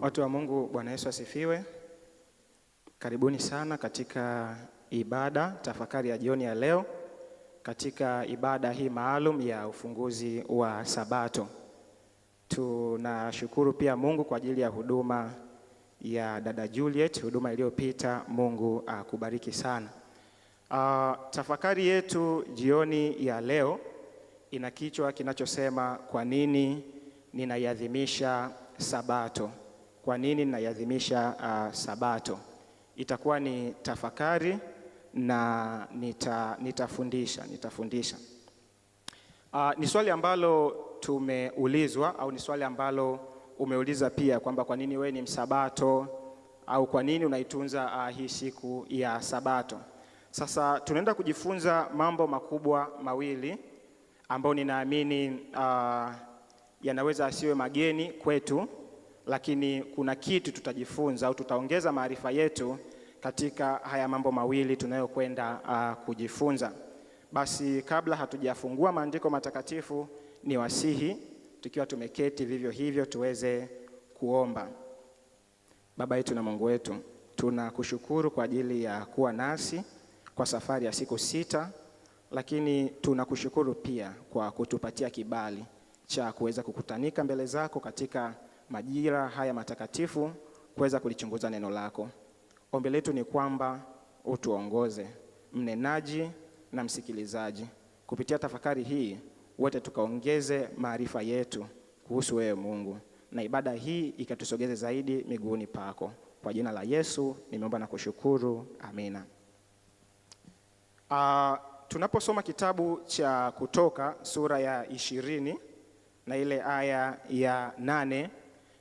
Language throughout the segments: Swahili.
Watu wa Mungu, Bwana Yesu asifiwe. Karibuni sana katika ibada tafakari ya jioni ya leo, katika ibada hii maalum ya ufunguzi wa Sabato. Tunashukuru pia Mungu kwa ajili ya huduma ya dada Juliet, huduma iliyopita. Mungu akubariki sana. Uh, tafakari yetu jioni ya leo ina kichwa kinachosema kwa nini ninaiadhimisha Sabato kwa nini naiadhimisha uh, Sabato. Itakuwa ni tafakari na nita, nitafundisha nitafundisha. Uh, ni swali ambalo tumeulizwa au ni swali ambalo umeuliza pia kwamba kwa nini wewe ni msabato au kwa nini unaitunza uh, hii siku ya Sabato. Sasa tunaenda kujifunza mambo makubwa mawili ambayo ninaamini uh, yanaweza asiwe mageni kwetu lakini kuna kitu tutajifunza au tutaongeza maarifa yetu katika haya mambo mawili tunayokwenda uh, kujifunza. Basi kabla hatujafungua maandiko matakatifu, ni wasihi tukiwa tumeketi vivyo hivyo tuweze kuomba. Baba yetu na Mungu wetu, tunakushukuru kwa ajili ya kuwa nasi kwa safari ya siku sita, lakini tunakushukuru pia kwa kutupatia kibali cha kuweza kukutanika mbele zako katika majira haya matakatifu kuweza kulichunguza neno lako. Ombi letu ni kwamba utuongoze mnenaji na msikilizaji, kupitia tafakari hii wote tukaongeze maarifa yetu kuhusu wewe Mungu, na ibada hii ikatusogeze zaidi miguuni pako. Kwa jina la Yesu nimeomba na kushukuru, amina. Uh, tunaposoma kitabu cha Kutoka sura ya ishirini na ile aya ya nane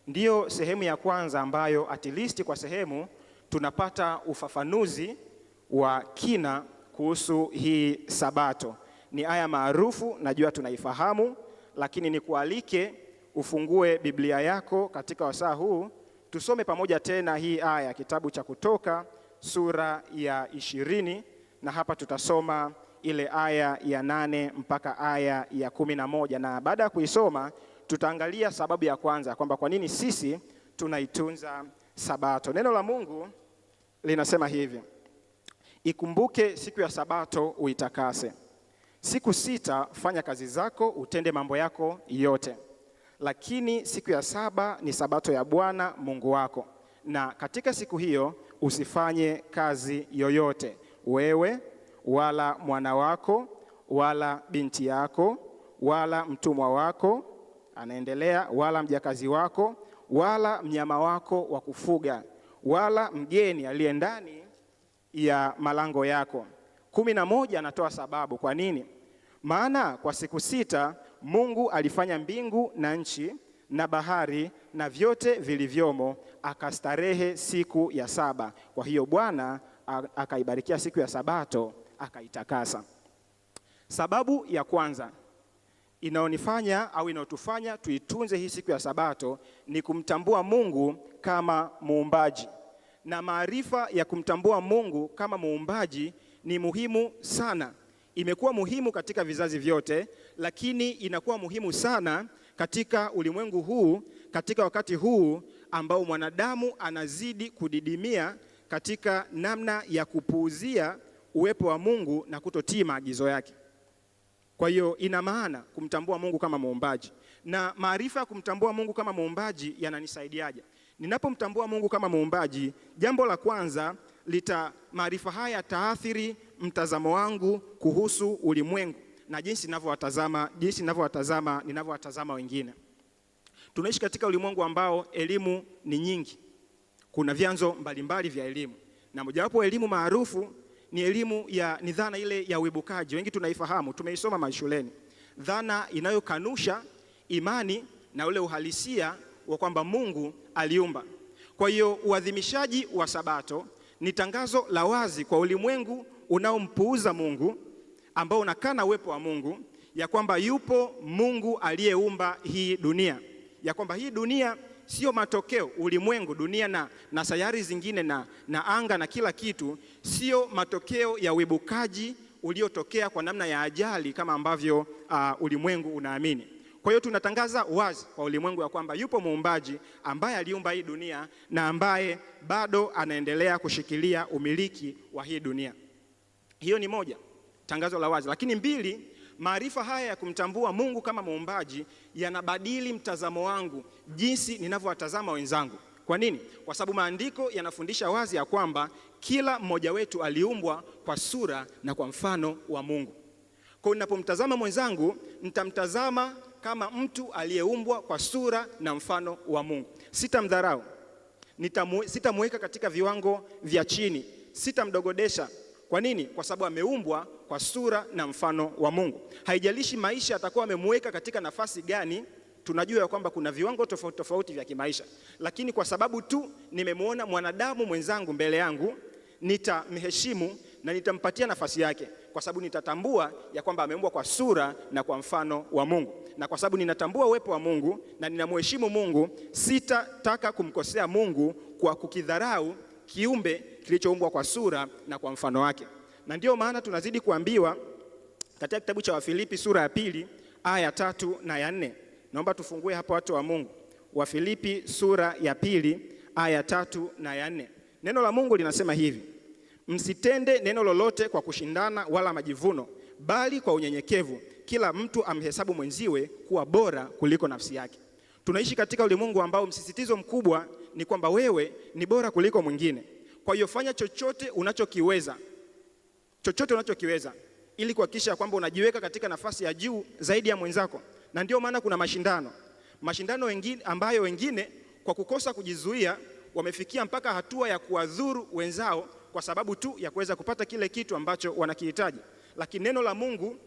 ndiyo sehemu ya kwanza ambayo at least kwa sehemu tunapata ufafanuzi wa kina kuhusu hii Sabato. Ni aya maarufu, najua tunaifahamu, lakini nikualike ufungue Biblia yako katika wasaa huu tusome pamoja tena hii aya, kitabu cha Kutoka sura ya ishirini, na hapa tutasoma ile aya ya nane mpaka aya ya kumi na moja na baada ya kuisoma tutaangalia sababu ya kwanza kwamba kwa nini sisi tunaitunza Sabato. Neno la Mungu linasema hivi, ikumbuke siku ya Sabato uitakase, siku sita fanya kazi zako, utende mambo yako yote, lakini siku ya saba ni Sabato ya Bwana Mungu wako, na katika siku hiyo usifanye kazi yoyote, wewe wala mwana wako wala binti yako wala mtumwa wako anaendelea, wala mjakazi wako wala mnyama wako wa kufuga wala mgeni aliye ndani ya malango yako. Kumi na moja, anatoa sababu kwa nini. Maana kwa siku sita Mungu alifanya mbingu na nchi na bahari na vyote vilivyomo, akastarehe siku ya saba. Kwa hiyo Bwana akaibarikia siku ya sabato akaitakasa. Sababu ya kwanza inayonifanya au inayotufanya tuitunze hii siku ya Sabato ni kumtambua Mungu kama muumbaji, na maarifa ya kumtambua Mungu kama muumbaji ni muhimu sana. Imekuwa muhimu katika vizazi vyote, lakini inakuwa muhimu sana katika ulimwengu huu, katika wakati huu ambao mwanadamu anazidi kudidimia katika namna ya kupuuzia uwepo wa Mungu na kutotii maagizo yake. Kwa hiyo ina maana kumtambua Mungu kama muumbaji, na maarifa ya kumtambua Mungu kama muumbaji yananisaidiaje? Ninapomtambua Mungu kama muumbaji, jambo la kwanza lita maarifa haya yataathiri mtazamo wangu kuhusu ulimwengu na jinsi ninavyowatazama jinsi ninavyowatazama ninavyowatazama wengine. Tunaishi katika ulimwengu ambao elimu ni nyingi, kuna vyanzo mbalimbali vya elimu na mojawapo elimu maarufu ni elimu ya, ni dhana ile ya uibukaji. Wengi tunaifahamu, tumeisoma mashuleni, dhana inayokanusha imani na ule uhalisia wa kwamba Mungu aliumba. Kwa hiyo uadhimishaji wa Sabato ni tangazo la wazi kwa ulimwengu unaompuuza Mungu, ambao unakana uwepo wa Mungu, ya kwamba yupo Mungu aliyeumba hii dunia, ya kwamba hii dunia sio matokeo. Ulimwengu, dunia na, na sayari zingine na, na anga na kila kitu sio matokeo ya uibukaji uliotokea kwa namna ya ajali kama ambavyo uh, ulimwengu unaamini. Kwa hiyo tunatangaza wazi kwa ulimwengu ya kwamba yupo muumbaji ambaye aliumba hii dunia na ambaye bado anaendelea kushikilia umiliki wa hii dunia. Hiyo ni moja, tangazo la wazi. Lakini mbili maarifa haya ya kumtambua Mungu kama muumbaji yanabadili mtazamo wangu jinsi ninavyowatazama wenzangu. Kwa nini? Kwa sababu maandiko yanafundisha wazi ya kwamba kila mmoja wetu aliumbwa kwa sura na kwa mfano wa Mungu. Kwa hiyo ninapomtazama mwenzangu, nitamtazama kama mtu aliyeumbwa kwa sura na mfano wa Mungu. Sitamdharau, sitamweka katika viwango vya chini, sitamdogodesha. Kwa nini? Kwa sababu ameumbwa kwa sura na mfano wa Mungu. Haijalishi maisha atakuwa amemweka katika nafasi gani, tunajua ya kwamba kuna viwango tofauti tofauti vya kimaisha, lakini kwa sababu tu nimemwona mwanadamu mwenzangu mbele yangu, nitamheshimu na nitampatia nafasi yake, kwa sababu nitatambua ya kwamba ameumbwa kwa sura na kwa mfano wa Mungu, na kwa sababu ninatambua uwepo wa Mungu na ninamheshimu Mungu, sitataka kumkosea Mungu kwa kukidharau kiumbe kilichoumbwa kwa sura na kwa mfano wake na ndio maana tunazidi kuambiwa katika kitabu cha Wafilipi sura ya pili aya ya tatu na ya nne. Naomba tufungue hapo, watu wa Mungu. Wafilipi sura ya pili aya ya tatu na ya nne, neno la Mungu linasema hivi: msitende neno lolote kwa kushindana wala majivuno, bali kwa unyenyekevu kila mtu amhesabu mwenziwe kuwa bora kuliko nafsi yake. Tunaishi katika ulimwengu ambao msisitizo mkubwa ni kwamba wewe ni bora kuliko mwingine. Kwa hiyo fanya chochote unachokiweza chochote unachokiweza ili kuhakikisha kwamba unajiweka katika nafasi ya juu zaidi ya mwenzako, na ndio maana kuna mashindano mashindano wengine, ambayo wengine kwa kukosa kujizuia wamefikia mpaka hatua ya kuwadhuru wenzao kwa sababu tu ya kuweza kupata kile kitu ambacho wanakihitaji. Lakini neno la Mungu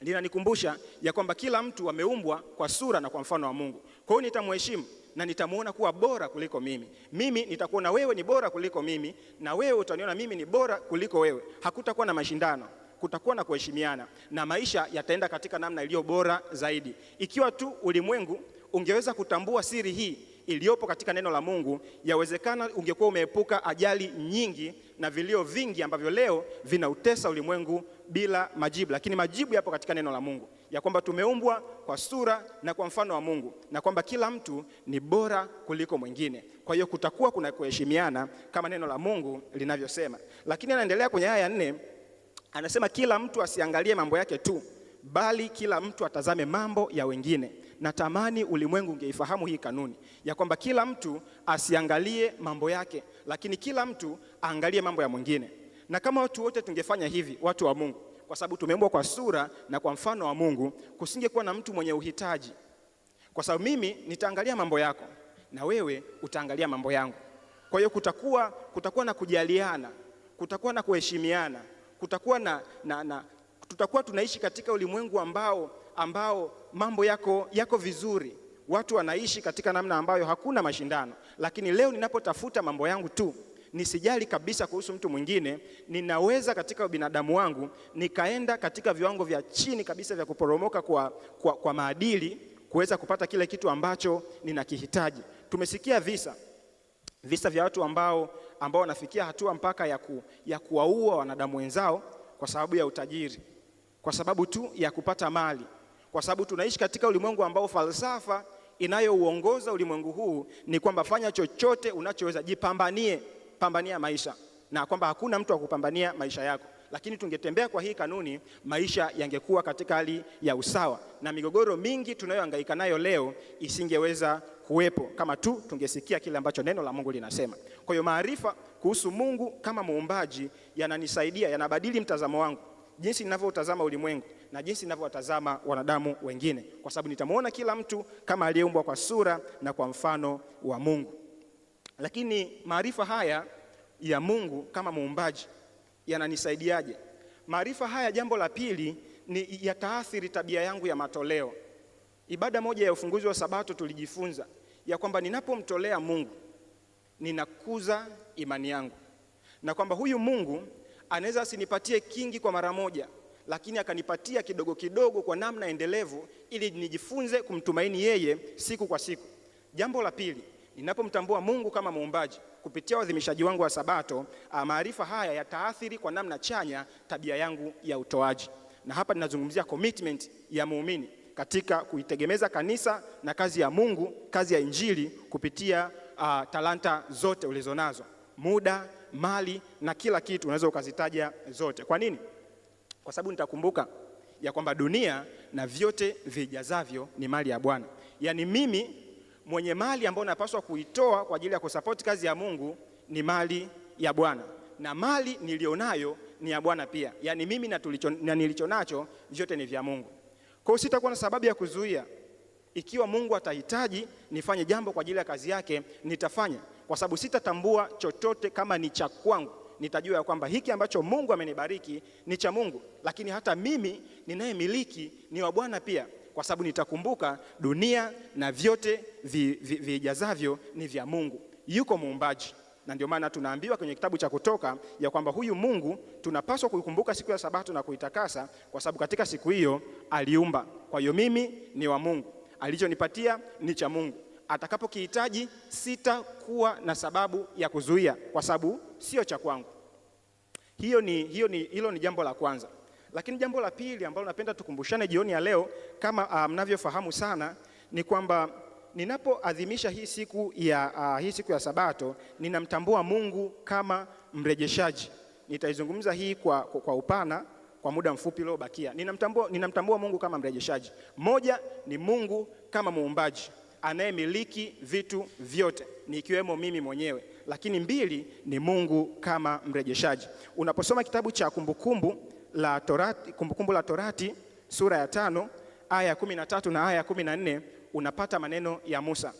linanikumbusha ya kwamba kila mtu ameumbwa kwa sura na kwa mfano wa Mungu. Kwa hiyo nitamheshimu na nitamwona kuwa bora kuliko mimi, mimi nitakuona wewe ni bora kuliko mimi, na wewe utaniona mimi ni bora kuliko wewe. Hakutakuwa na mashindano, kutakuwa na kuheshimiana na maisha yataenda katika namna iliyo bora zaidi. Ikiwa tu ulimwengu ungeweza kutambua siri hii iliyopo katika neno la Mungu, yawezekana ungekuwa umeepuka ajali nyingi na vilio vingi ambavyo leo vinautesa ulimwengu bila majibu, lakini majibu yapo katika neno la Mungu ya kwamba tumeumbwa kwa sura na kwa mfano wa Mungu na kwamba kila mtu ni bora kuliko mwingine. Kwa hiyo kutakuwa kuna kuheshimiana kama neno la Mungu linavyosema, lakini anaendelea kwenye aya ya nne, anasema kila mtu asiangalie mambo yake tu, bali kila mtu atazame mambo ya wengine. Natamani ulimwengu ungeifahamu hii kanuni ya kwamba kila mtu asiangalie mambo yake, lakini kila mtu aangalie mambo ya mwingine. Na kama watu wote tungefanya hivi, watu wa Mungu kwa sababu tumeumbwa kwa sura na kwa mfano wa Mungu, kusingekuwa na mtu mwenye uhitaji, kwa sababu mimi nitaangalia mambo yako na wewe utaangalia mambo yangu. Kwa hiyo kutakuwa, kutakuwa na kujaliana, kutakuwa na kuheshimiana, kutakuwa na, na, na tutakuwa tunaishi katika ulimwengu ambao, ambao mambo yako, yako vizuri watu wanaishi katika namna ambayo hakuna mashindano. Lakini leo ninapotafuta mambo yangu tu nisijali kabisa kuhusu mtu mwingine, ninaweza katika binadamu wangu nikaenda katika viwango vya chini kabisa vya kuporomoka kwa, kwa, kwa maadili kuweza kupata kile kitu ambacho ninakihitaji. Tumesikia visa visa vya watu ambao ambao wanafikia hatua mpaka ya, ku, ya kuwaua wanadamu wenzao kwa sababu ya utajiri, kwa sababu tu ya kupata mali, kwa sababu tunaishi katika ulimwengu ambao falsafa inayouongoza ulimwengu huu ni kwamba fanya chochote unachoweza, jipambanie pambania maisha na kwamba hakuna mtu akupambania maisha yako. Lakini tungetembea kwa hii kanuni, maisha yangekuwa katika hali ya usawa, na migogoro mingi tunayohangaika nayo leo isingeweza kuwepo kama tu tungesikia kile ambacho neno la Mungu linasema. Kwa hiyo maarifa kuhusu Mungu kama muumbaji yananisaidia, yanabadili mtazamo wangu, jinsi ninavyotazama ulimwengu na jinsi ninavyowatazama wanadamu wengine, kwa sababu nitamwona kila mtu kama aliyeumbwa kwa sura na kwa mfano wa Mungu. Lakini maarifa haya ya Mungu kama muumbaji yananisaidiaje? Maarifa haya, jambo la pili, ni yataathiri tabia yangu ya matoleo. Ibada moja ya ufunguzi wa Sabato tulijifunza ya kwamba ninapomtolea Mungu ninakuza imani yangu, na kwamba huyu Mungu anaweza asinipatie kingi kwa mara moja, lakini akanipatia kidogo kidogo kwa namna endelevu, ili nijifunze kumtumaini yeye siku kwa siku. Jambo la pili Ninapomtambua Mungu kama muumbaji kupitia uadhimishaji wangu wa Sabato, ah, maarifa haya yataathiri kwa namna chanya tabia yangu ya utoaji, na hapa ninazungumzia commitment ya muumini katika kuitegemeza kanisa na kazi ya Mungu, kazi ya Injili kupitia uh, talanta zote ulizonazo, muda, mali na kila kitu, unaweza ukazitaja zote. Kwa nini? Kwa sababu nitakumbuka ya kwamba dunia na vyote vijazavyo ni mali ya Bwana. Yaani mimi mwenye mali ambayo unapaswa kuitoa kwa ajili ya kusapoti kazi ya Mungu ni mali ya Bwana, na mali nilionayo ni ya Bwana pia. Yaani mimi na nilicho nacho vyote ni vya Mungu. Kwa hiyo sitakuwa na sababu ya kuzuia. Ikiwa Mungu atahitaji nifanye jambo kwa ajili ya kazi yake, nitafanya kwa sababu sitatambua chochote kama ni cha kwangu. Nitajua ya kwamba hiki ambacho Mungu amenibariki ni cha Mungu, lakini hata mimi ninayemiliki ni wa Bwana pia kwa sababu nitakumbuka dunia na vyote vijazavyo vi, vi ni vya Mungu. Yuko muumbaji, na ndio maana tunaambiwa kwenye kitabu cha Kutoka ya kwamba huyu Mungu tunapaswa kuikumbuka siku ya Sabato na kuitakasa, kwa sababu katika siku hiyo aliumba. Kwa hiyo mimi ni wa Mungu, alichonipatia ni cha Mungu. Atakapokihitaji sitakuwa na sababu ya kuzuia, kwa sababu sio cha kwangu. Hiyo ni, hiyo ni, hilo ni jambo la kwanza. Lakini jambo la pili ambalo napenda tukumbushane jioni ya leo, kama ah, mnavyofahamu sana ni kwamba ninapoadhimisha hii siku ya, uh, hii siku ya Sabato ninamtambua Mungu kama mrejeshaji. Nitaizungumza hii kwa, kwa, kwa upana kwa muda mfupi uliobakia. Ninamtambua, ninamtambua Mungu kama mrejeshaji. Moja ni Mungu kama muumbaji anayemiliki vitu vyote nikiwemo mimi mwenyewe, lakini mbili ni Mungu kama mrejeshaji. Unaposoma kitabu cha Kumbukumbu la Torati, Kumbukumbu la Torati sura ya tano aya ya kumi na tatu na aya ya kumi na nne unapata maneno ya Musa,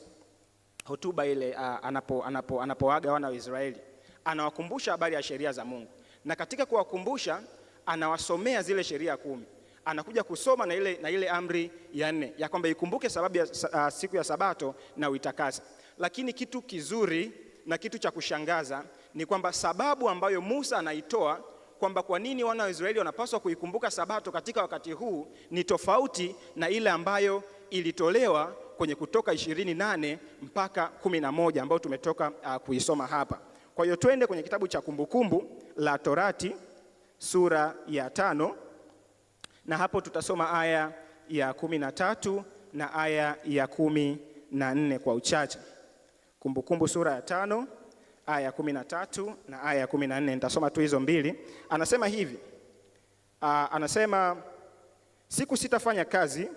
hotuba ile anapoaga anapo, anapo, wana wa Israeli, anawakumbusha habari ya sheria za Mungu, na katika kuwakumbusha anawasomea zile sheria kumi anakuja kusoma na ile, na ile amri ya nne ya kwamba ikumbuke sababu ya uh, siku ya Sabato na uitakase. Lakini kitu kizuri na kitu cha kushangaza ni kwamba sababu ambayo Musa anaitoa kwamba kwa nini wana wa Israeli wanapaswa kuikumbuka Sabato katika wakati huu ni tofauti na ile ambayo ilitolewa kwenye Kutoka 28 mpaka 11 ambayo tumetoka uh, kuisoma hapa. Kwa hiyo twende kwenye kitabu cha Kumbukumbu la Torati sura ya tano na hapo tutasoma aya ya kumi na tatu na aya ya kumi na nne kwa uchache. Kumbukumbu sura ya tano aya ya kumi na tatu na aya ya kumi na nne nitasoma tu hizo mbili. Anasema hivi a, ah, anasema siku sitafanya kazi,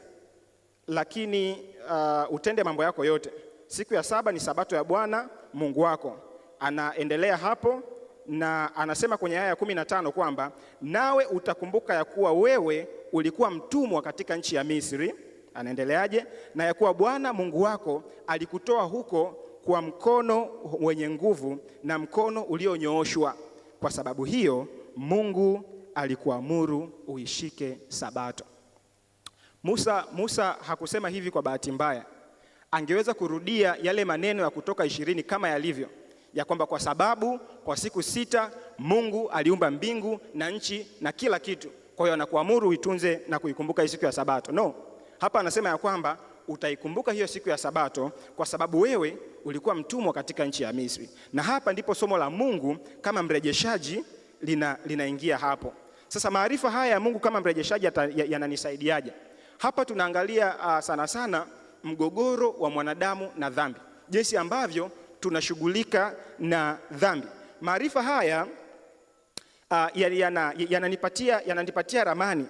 lakini uh, utende mambo yako yote. Siku ya saba ni sabato ya Bwana Mungu wako. Anaendelea hapo na anasema kwenye aya ya kumi na tano kwamba nawe utakumbuka ya kuwa wewe ulikuwa mtumwa katika nchi ya Misri. Anaendeleaje? na ya kuwa Bwana Mungu wako alikutoa huko kwa mkono wenye nguvu na mkono ulionyooshwa. Kwa sababu hiyo Mungu alikuamuru uishike Sabato. Musa, Musa hakusema hivi kwa bahati mbaya. Angeweza kurudia yale maneno ya Kutoka ishirini kama yalivyo ya kwamba kwa sababu kwa siku sita Mungu aliumba mbingu na nchi na kila kitu, kwa hiyo anakuamuru uitunze na kuikumbuka hii siku ya Sabato. No, hapa anasema ya kwamba utaikumbuka hiyo siku ya Sabato kwa sababu wewe ulikuwa mtumwa katika nchi ya Misri. Na hapa ndipo somo la Mungu kama mrejeshaji lina, linaingia hapo. Sasa maarifa haya ya Mungu kama mrejeshaji yananisaidiaje? Ya hapa tunaangalia uh, sana sana mgogoro wa mwanadamu na dhambi, jinsi ambavyo tunashughulika na dhambi. Maarifa haya uh, yananipatia yana yana ramani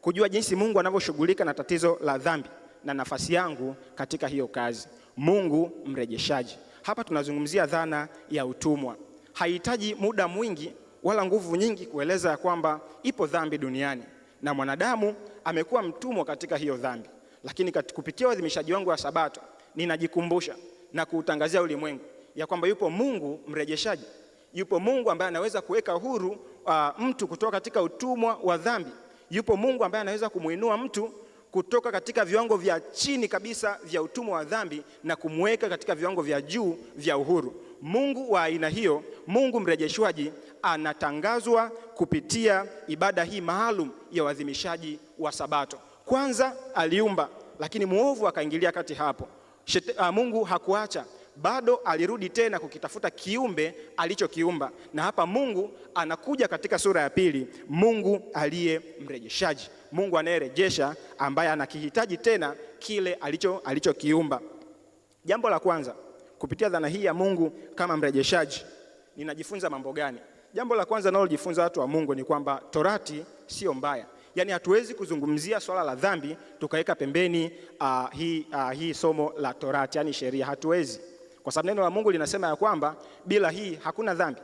kujua jinsi Mungu anavyoshughulika na tatizo la dhambi na nafasi yangu katika hiyo kazi. Mungu mrejeshaji. Hapa tunazungumzia dhana ya utumwa. Haihitaji muda mwingi wala nguvu nyingi kueleza ya kwamba ipo dhambi duniani na mwanadamu amekuwa mtumwa katika hiyo dhambi, lakini kupitia uadhimishaji wangu wa Sabato ninajikumbusha na kuutangazia ulimwengu ya kwamba yupo Mungu mrejeshaji, yupo Mungu ambaye anaweza kuweka huru uh, mtu kutoka katika utumwa wa dhambi, yupo Mungu ambaye anaweza kumwinua mtu kutoka katika viwango vya chini kabisa vya utumwa wa dhambi na kumweka katika viwango vya juu vya uhuru. Mungu wa aina hiyo, Mungu mrejeshwaji, anatangazwa kupitia ibada hii maalum ya uadhimishaji wa Sabato. Kwanza aliumba, lakini mwovu akaingilia kati hapo. Shete, a, ah, Mungu hakuacha bado alirudi tena kukitafuta kiumbe alichokiumba, na hapa Mungu anakuja katika sura ya pili, Mungu aliye mrejeshaji, Mungu anayerejesha, ambaye anakihitaji tena kile alicho alichokiumba. Jambo la kwanza kupitia dhana hii ya Mungu kama mrejeshaji, ninajifunza mambo gani? Jambo la kwanza nalojifunza watu wa Mungu ni kwamba torati sio mbaya. Yaani hatuwezi kuzungumzia swala la dhambi tukaweka pembeni uh, hii, uh, hii somo la torati, yaani sheria, hatuwezi kwa sababu neno la Mungu linasema ya kwamba bila hii hakuna dhambi.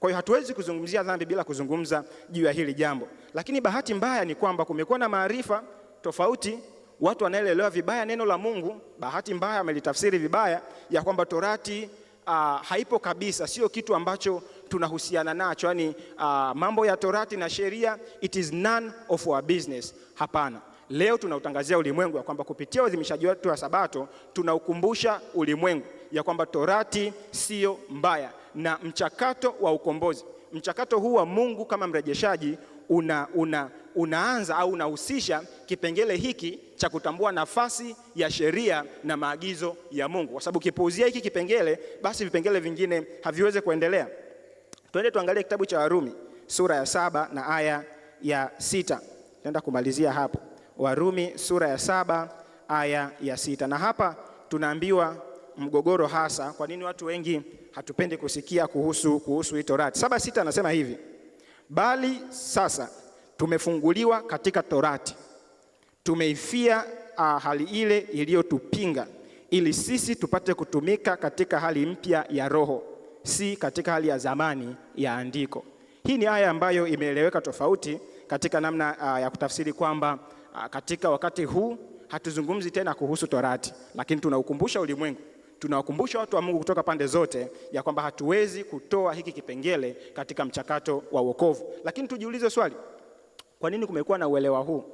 Kwa hiyo hatuwezi kuzungumzia dhambi bila kuzungumza juu ya hili jambo, lakini bahati mbaya ni kwamba kumekuwa na maarifa tofauti. Watu wanaelewa vibaya neno la Mungu, bahati mbaya wamelitafsiri vibaya, ya kwamba torati Uh, haipo kabisa, sio kitu ambacho tunahusiana nacho, yani uh, ah, mambo ya torati na sheria, it is none of our business. Hapana leo tunautangazia ulimwengu ya kwamba kupitia uadhimishaji wetu wa Sabato tunaukumbusha ulimwengu ya kwamba torati sio mbaya, na mchakato wa ukombozi, mchakato huu wa Mungu kama mrejeshaji una, una, unaanza au unahusisha kipengele hiki cha kutambua nafasi ya sheria na maagizo ya Mungu, kwa sababu kipuuzia hiki kipengele, basi vipengele vingine haviwezi kuendelea. Twende tuangalie kitabu cha Warumi sura ya saba na aya ya sita. Tenda kumalizia hapo. Warumi sura ya saba aya ya sita. Na hapa tunaambiwa mgogoro hasa, kwa nini watu wengi hatupendi kusikia kuhusu, kuhusu hii Torati saba sita. Anasema hivi, bali sasa tumefunguliwa katika Torati, tumeifia ah, hali ile iliyotupinga, ili sisi tupate kutumika katika hali mpya ya roho, si katika hali ya zamani ya andiko. Hii ni aya ambayo imeeleweka tofauti katika namna ah, ya kutafsiri kwamba Ah, katika wakati huu hatuzungumzi tena kuhusu Torati, lakini tunaukumbusha ulimwengu, tunawakumbusha watu wa Mungu kutoka pande zote ya kwamba hatuwezi kutoa hiki kipengele katika mchakato wa wokovu. Lakini tujiulize swali, kwa nini kumekuwa na uelewa huu?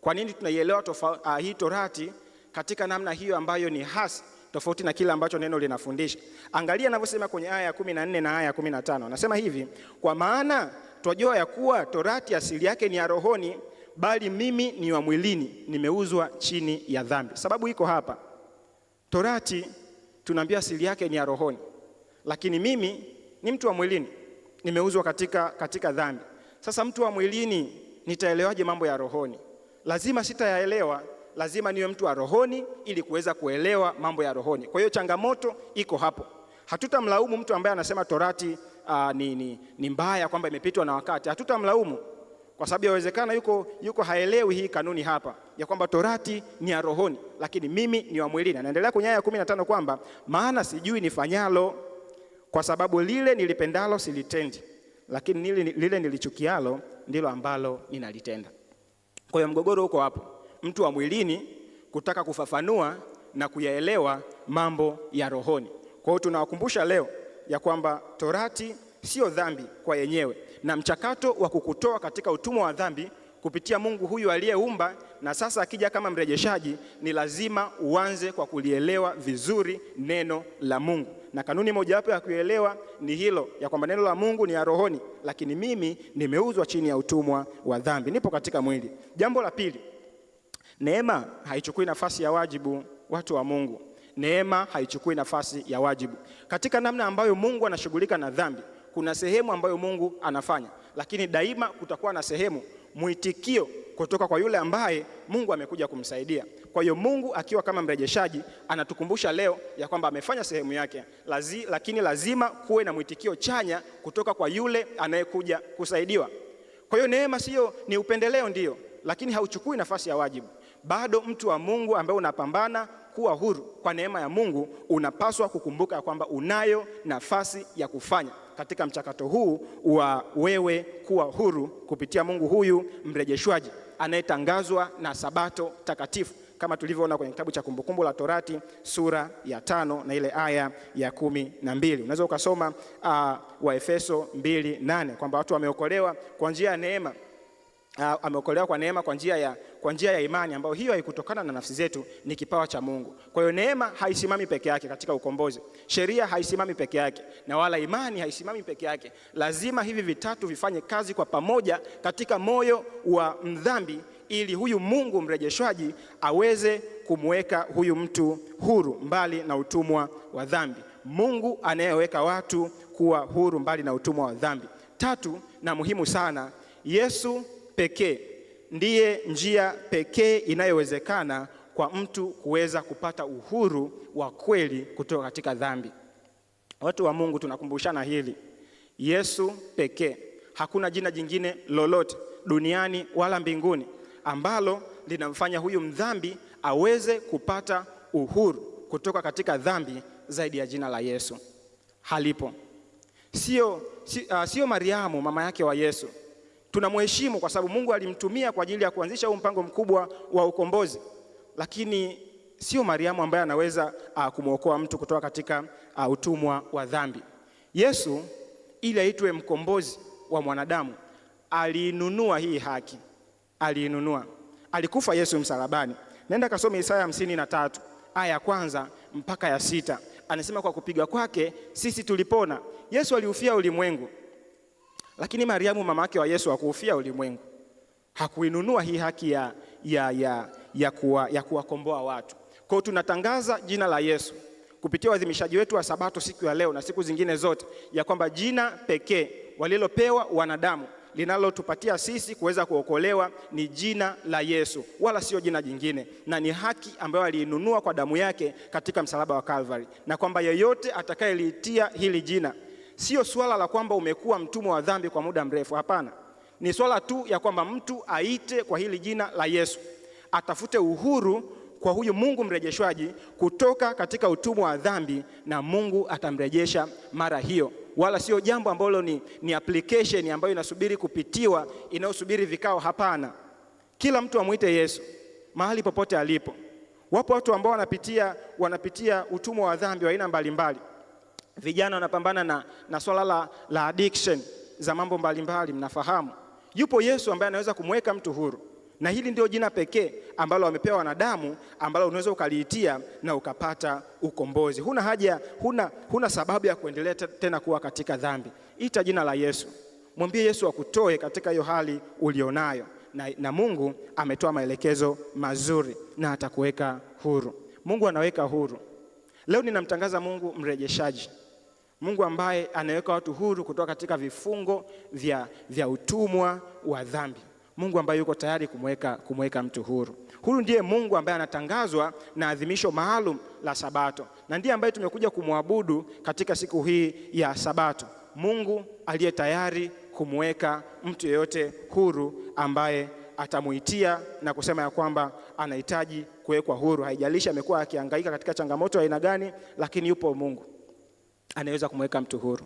Kwa nini tunaielewa uh, hii Torati katika namna hiyo ambayo ni hasi tofauti na kile ambacho neno linafundisha. Angalia anavyosema kwenye aya ya 14 na aya ya 15. Anasema hivi, kwa maana twajua ya kuwa Torati asili yake ni ya rohoni, bali mimi ni wa mwilini, nimeuzwa chini ya dhambi. Sababu iko hapa. Torati tunaambia asili yake ni ya rohoni, lakini mimi ni mtu wa mwilini, nimeuzwa katika, katika dhambi. Sasa mtu wa mwilini nitaelewaje mambo ya rohoni? Lazima sitayaelewa, lazima niwe mtu wa rohoni ili kuweza kuelewa mambo ya rohoni. Kwa hiyo changamoto iko hapo. Hatutamlaumu mtu ambaye anasema torati aa, ah, ni, ni, ni mbaya kwamba imepitwa na wakati. Hatutamlaumu, kwa sababu yawezekana yuko, yuko haelewi hii kanuni hapa ya kwamba torati ni ya rohoni, lakini mimi ni wa mwilini. Anaendelea kwenye aya ya 15 kwamba maana sijui nifanyalo, kwa sababu lile nilipendalo silitendi, lakini lile nilichukialo ndilo ambalo ninalitenda. Kwa hiyo mgogoro huko hapo, mtu wa mwilini kutaka kufafanua na kuyaelewa mambo ya rohoni. Kwa hiyo tunawakumbusha leo ya kwamba torati sio dhambi kwa yenyewe na mchakato wa kukutoa katika utumwa wa dhambi kupitia Mungu huyu aliyeumba, na sasa akija kama mrejeshaji, ni lazima uanze kwa kulielewa vizuri neno la Mungu. Na kanuni mojawapo ya kuelewa ni hilo ya kwamba neno la Mungu ni ya rohoni, lakini mimi nimeuzwa chini ya utumwa wa dhambi, nipo katika mwili. Jambo la pili, neema haichukui nafasi ya wajibu. Watu wa Mungu, neema haichukui nafasi ya wajibu. Katika namna ambayo Mungu anashughulika na dhambi kuna sehemu ambayo Mungu anafanya, lakini daima kutakuwa na sehemu mwitikio kutoka kwa yule ambaye Mungu amekuja kumsaidia. Kwa hiyo Mungu akiwa kama mrejeshaji anatukumbusha leo ya kwamba amefanya sehemu yake lazi, lakini lazima kuwe na mwitikio chanya kutoka kwa yule anayekuja kusaidiwa. Kwa hiyo neema sio ni upendeleo, ndiyo, lakini hauchukui nafasi ya wajibu. Bado mtu wa Mungu ambaye unapambana kuwa huru kwa neema ya Mungu, unapaswa kukumbuka kwamba unayo nafasi ya kufanya katika mchakato huu wa wewe kuwa huru kupitia Mungu huyu mrejeshwaji anayetangazwa na Sabato takatifu kama tulivyoona kwenye kitabu cha Kumbukumbu la Torati sura ya tano na ile aya ya kumi na mbili. Unaweza ukasoma uh, Waefeso mbili nane kwamba watu wameokolewa kwa njia ya neema uh, ameokolewa kwa neema kwa njia ya kwa njia ya imani ambayo hiyo haikutokana na nafsi zetu, ni kipawa cha Mungu. Kwa hiyo neema haisimami peke yake katika ukombozi, sheria haisimami peke yake, na wala imani haisimami peke yake. Lazima hivi vitatu vifanye kazi kwa pamoja katika moyo wa mdhambi, ili huyu Mungu mrejeshwaji aweze kumweka huyu mtu huru mbali na utumwa wa dhambi. Mungu anayeweka watu kuwa huru mbali na utumwa wa dhambi. Tatu na muhimu sana, Yesu pekee ndiye njia pekee inayowezekana kwa mtu kuweza kupata uhuru wa kweli kutoka katika dhambi. Watu wa Mungu, tunakumbushana hili, Yesu pekee. Hakuna jina jingine lolote duniani wala mbinguni ambalo linamfanya huyu mdhambi aweze kupata uhuru kutoka katika dhambi zaidi ya jina la Yesu. Halipo. Sio, si, uh, sio Mariamu mama yake wa Yesu tunamheshimu kwa sababu Mungu alimtumia kwa ajili ya kuanzisha huu mpango mkubwa wa ukombozi, lakini sio Mariamu ambaye anaweza uh, kumwokoa mtu kutoka katika uh, utumwa wa dhambi. Yesu ili aitwe mkombozi wa mwanadamu aliinunua hii haki, aliinunua. Alikufa Yesu msalabani. Nenda kasome Isaya hamsini na tatu aya ya kwanza mpaka ya sita. Anasema kwa kupigwa kwake sisi tulipona. Yesu aliufia ulimwengu lakini Mariamu yake wa Yesu hakuufia ulimwengu, hakuinunua hii haki ya, ya, ya, ya, kuwa, ya kuwakomboa watu. Kwa hiyo tunatangaza jina la Yesu kupitia uadhimishaji wetu wa Sabato siku ya leo na siku zingine zote, ya kwamba jina pekee walilopewa wanadamu linalotupatia sisi kuweza kuokolewa ni jina la Yesu, wala sio jina jingine, na ni haki ambayo aliinunua kwa damu yake katika msalaba wa Calvary, na kwamba yeyote atakayeliitia hili jina Sio swala la kwamba umekuwa mtumwa wa dhambi kwa muda mrefu, hapana. Ni swala tu ya kwamba mtu aite kwa hili jina la Yesu, atafute uhuru kwa huyu Mungu mrejeshwaji kutoka katika utumwa wa dhambi, na Mungu atamrejesha mara hiyo, wala sio jambo ambalo ni, ni application ambayo inasubiri kupitiwa, inayosubiri vikao, hapana. Kila mtu amwite Yesu mahali popote alipo. Wapo watu ambao wanapitia, wanapitia utumwa wa dhambi wa aina mbalimbali vijana wanapambana na, na swala la, la addiction za mambo mbalimbali mnafahamu. Yupo Yesu ambaye anaweza kumweka mtu huru, na hili ndio jina pekee ambalo wamepewa wanadamu ambalo unaweza ukaliitia na ukapata ukombozi. Huna haja, huna, huna sababu ya kuendelea tena kuwa katika dhambi. Ita jina la Yesu, mwambie Yesu akutoe katika hiyo hali ulionayo na, na Mungu ametoa maelekezo mazuri na atakuweka huru. Mungu anaweka huru. Leo ninamtangaza Mungu mrejeshaji. Mungu ambaye anaweka watu huru kutoka katika vifungo vya, vya utumwa wa dhambi. Mungu ambaye yuko tayari kumweka kumweka mtu huru. Huyu ndiye Mungu ambaye anatangazwa na adhimisho maalum la Sabato, na ndiye ambaye tumekuja kumwabudu katika siku hii ya Sabato, Mungu aliye tayari kumweka mtu yeyote huru ambaye atamuitia na kusema ya kwamba anahitaji kuwekwa huru. Haijalishi amekuwa akihangaika katika changamoto aina gani, lakini yupo Mungu anaweza kumweka mtu huru.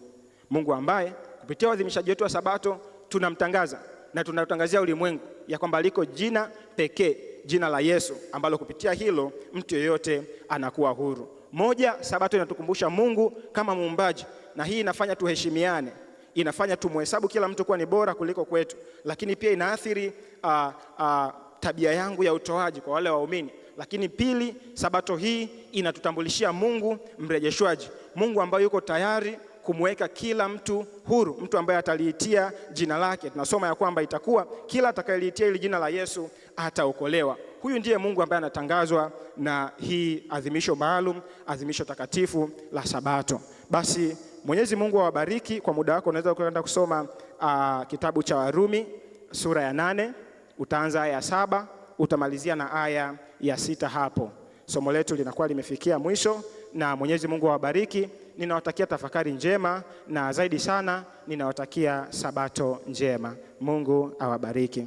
Mungu ambaye kupitia uadhimishaji wetu wa Sabato tunamtangaza na tunatangazia ulimwengu ya kwamba liko jina pekee, jina la Yesu ambalo kupitia hilo mtu yeyote anakuwa huru. Moja, Sabato inatukumbusha Mungu kama muumbaji, na hii inafanya tuheshimiane, inafanya tumuhesabu kila mtu kuwa ni bora kuliko kwetu, lakini pia inaathiri uh, uh, tabia yangu ya utoaji kwa wale waumini. Lakini pili, Sabato hii inatutambulishia Mungu mrejeshwaji Mungu ambaye yuko tayari kumweka kila mtu huru, mtu ambaye ataliitia jina lake. Tunasoma ya kwamba itakuwa kila atakayeliitia hili jina la Yesu ataokolewa. Huyu ndiye Mungu ambaye anatangazwa na hii adhimisho maalum, adhimisho takatifu la Sabato. Basi Mwenyezi Mungu awabariki. Kwa muda wako unaweza kwenda kusoma uh, kitabu cha Warumi sura ya nane, utaanza aya ya saba utamalizia na aya ya sita. Hapo somo letu linakuwa limefikia mwisho na Mwenyezi Mungu awabariki. Ninawatakia tafakari njema na zaidi sana ninawatakia sabato njema. Mungu awabariki.